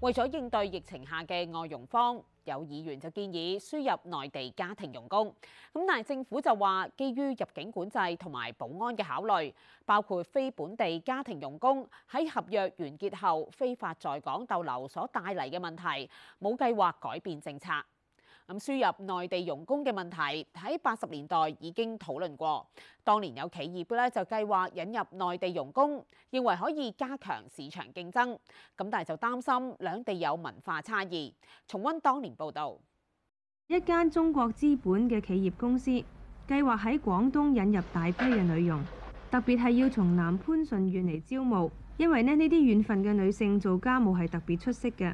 為咗應對疫情下嘅外傭荒，有議員就建議輸入內地家庭傭工。但政府就話，基於入境管制同埋保安嘅考慮，包括非本地家庭傭工喺合約完結後非法在港逗留所帶嚟嘅問題，冇計劃改變政策。咁輸入內地傭工嘅問題喺八十年代已經討論過。當年有企業咧就計劃引入內地傭工，認為可以加強市場競爭。咁但係就擔心兩地有文化差異。重溫當年報導，一間中國資本嘅企業公司計劃喺廣東引入大批嘅女傭，特別係要從南番順縣嚟招募，因為咧呢啲縣份嘅女性做家務係特別出色嘅。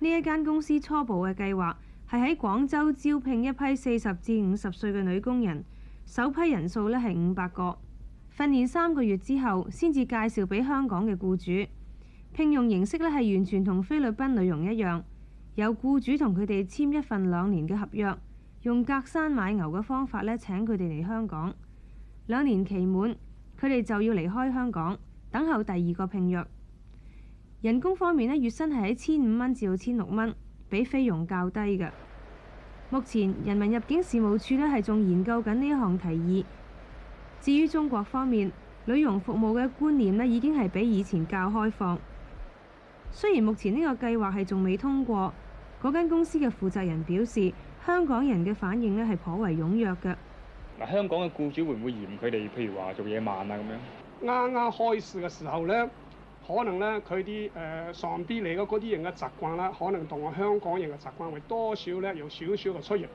呢一間公司初步嘅計劃，係喺廣州招聘一批四十至五十歲嘅女工人，首批人數咧係五百個，訓練三個月之後先至介紹俾香港嘅雇主，聘用形式咧係完全同菲律賓女傭一樣，有雇主同佢哋簽一份兩年嘅合約，用隔山買牛嘅方法咧請佢哋嚟香港，兩年期滿，佢哋就要離開香港，等候第二個聘約。人工方面咧，月薪係喺千五蚊至到千六蚊。比菲傭較低嘅。目前人民入境事務處呢係仲研究緊呢一項提議。至於中國方面，女傭服務嘅觀念呢已經係比以前較開放。雖然目前呢個計劃係仲未通過，嗰間公司嘅負責人表示，香港人嘅反應呢係頗為踴躍嘅。嗱，香港嘅僱主會唔會嫌佢哋，譬如話做嘢慢啊咁樣？啱啱開市嘅時候呢。可能咧，佢啲誒上邊嚟嘅嗰啲人嘅習慣啦，可能同我香港人嘅習慣會多少咧有少少嘅出入。誒、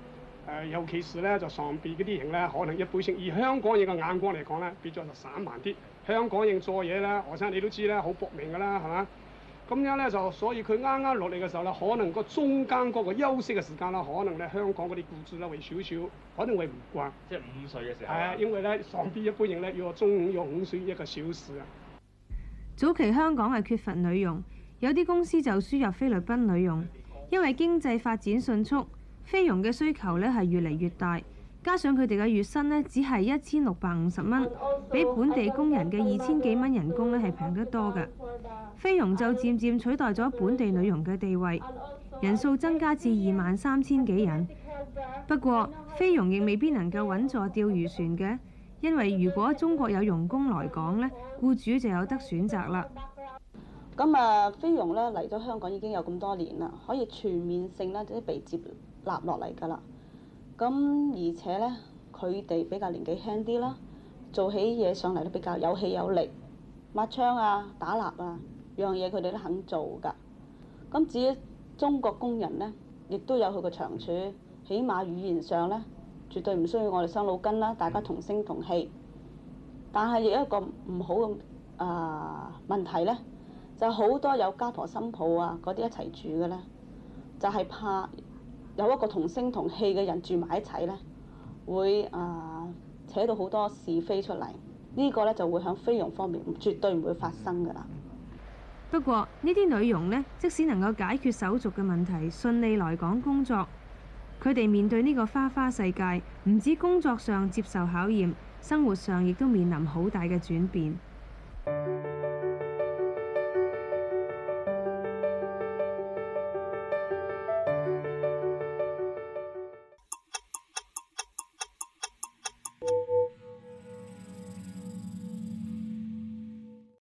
呃，尤其是咧就上邊嗰啲人咧，可能一般性，以香港人嘅眼光嚟講咧，變咗就散漫啲。香港人做嘢咧，陳生你都知啦，好搏命㗎啦，係嘛？咁樣咧就所以佢啱啱落嚟嘅時候咧，可能個中間嗰個休息嘅時間啦，可能咧香港嗰啲僱主咧會少少，可能會唔慣。即係午睡嘅時候。係啊，因為咧上邊一般人咧要中午要午睡一個小時啊。 早期香港係缺乏女傭，有啲公司就輸入菲律賓女傭。因為經濟發展迅速，菲傭嘅需求呢係越嚟越大，加上佢哋嘅月薪呢只係一千六百五十蚊，比本地工人嘅二千幾蚊人工呢係平得多嘅。菲傭就漸漸取代咗本地女傭嘅地位，人數增加至二萬三千幾人。不過，菲傭亦未必能夠穩坐釣魚船嘅。因為如果中國有傭工來港呢，僱主就有得選擇啦。咁啊，菲傭呢嚟咗香港已經有咁多年啦，可以全面性咧，即係被接納落嚟噶啦。咁而且呢，佢哋比較年紀輕啲啦，做起嘢上嚟都比較有氣有力，抹窗啊、打蠟啊，樣樣嘢佢哋都肯做噶。咁至於中國工人呢，亦都有佢嘅長處，起碼語言上呢，絕對唔需要我哋傷腦筋啦！大家同聲同氣，但係有一個唔好嘅啊、呃、問題呢，就好、是、多有家婆、啊、新抱啊嗰啲一齊住嘅咧，就係、是、怕有一個同聲同氣嘅人住埋一齊呢，會啊、呃、扯到好多是非出嚟。呢、這個呢，就會喺菲傭方面絕對唔會發生㗎啦。不過呢啲女傭呢，即使能夠解決手續嘅問題，順利來港工作。佢哋面對呢個花花世界，唔止工作上接受考驗，生活上亦都面臨好大嘅轉變。